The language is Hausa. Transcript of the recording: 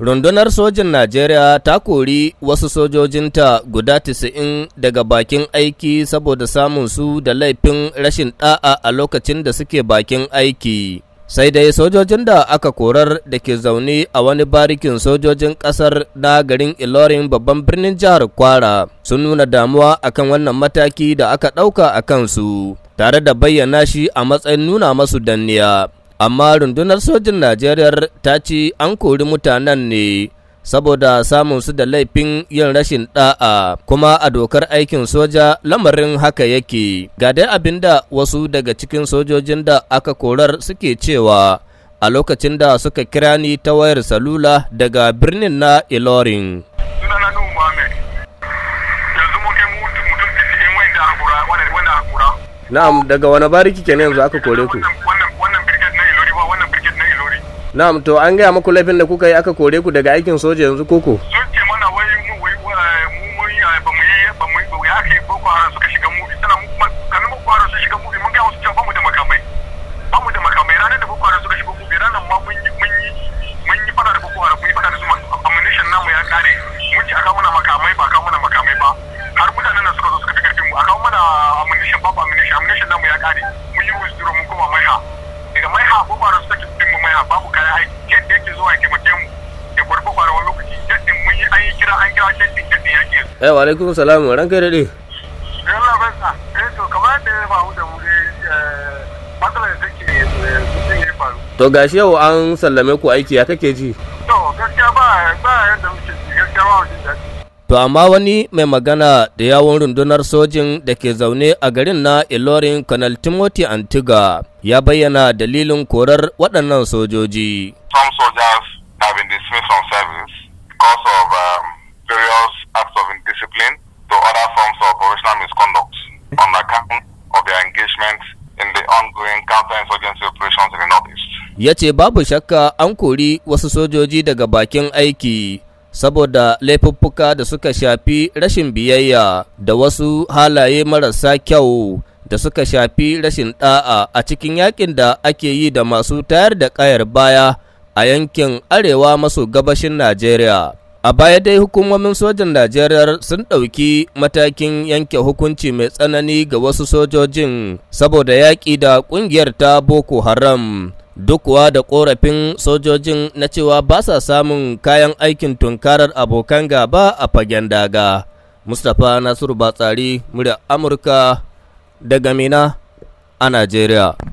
Rundunar sojin Najeriya ta kori wasu sojojinta guda tisa'in daga bakin aiki saboda samun su da laifin rashin ɗa'a a lokacin da suke bakin aiki. Sai dai sojojin da aka korar da ke zaune a wani barikin sojojin ƙasar na garin Ilorin babban birnin jihar Kwara sun nuna damuwa akan wannan mataki da aka ɗauka a kansu, tare da bayyana shi a matsayin nuna masu danniya. amma rundunar sojin Najeriya ta ce an kori mutanen ne saboda samun su da laifin yin rashin da'a kuma a dokar aikin soja lamarin haka yake ga dai abin da wasu daga cikin sojojin da aka korar suke cewa a lokacin da suka kira ni ta wayar salula daga birnin na ilorin na'am daga wani bariki ne yanzu aka kore ku na'am to an gaya muku laifin da kuka yi aka kore ku daga aikin soja yanzu koko sun ce mana wai mu wai mu yi ba mu yi ba mu yi ba ya aka yi boko haram suka shiga mu sana mu kuma kan mu boko su suka shiga mu mun ga musu cewa ba mu da makamai ba mu da makamai ranar da boko haram suka shiga mu ranar ma mun yi mun yi mun yi fada da boko haram mun yi fada da su ammunition namu ya kare mun ci aka muna makamai ba eh wa alaikum salam kai da dai Allah ba sa eh to kamar da ya faru da mu dai eh, matsalar da take mutum eh, ya faru to gashi yau an sallame ku aiki ya kake ji to gaskiya ba ba yadda muke ji gaskiya ba mu ji To amma wani mai magana da yawon rundunar sojin da ke zaune a garin na Ilorin Kanal Timothy Antiga ya bayyana dalilin korar waɗannan sojoji. Some soldiers have been dismissed from service because of on account of their engagement in the ongoing counterinsurgency operations in the northeast. Ya ce babu shakka an kori wasu sojoji daga bakin aiki saboda laifuffuka da suka shafi rashin biyayya da wasu halaye marasa kyau da suka shafi rashin ɗa'a a cikin yakin da ake yi da masu tayar da ƙayar baya a yankin arewa maso gabashin Najeriya. A baya dai hukumomin sojan Najeriya sun ɗauki matakin yanke hukunci mai tsanani ga wasu sojojin saboda yaƙi da ƙungiyar ta Boko Haram. Dukwa da ƙorafin sojojin na cewa ba sa samun kayan aikin tunkarar abokan gaba a fagen daga. Mustapha Nasiru Batsari, murya Amurka daga Mina a Najeriya.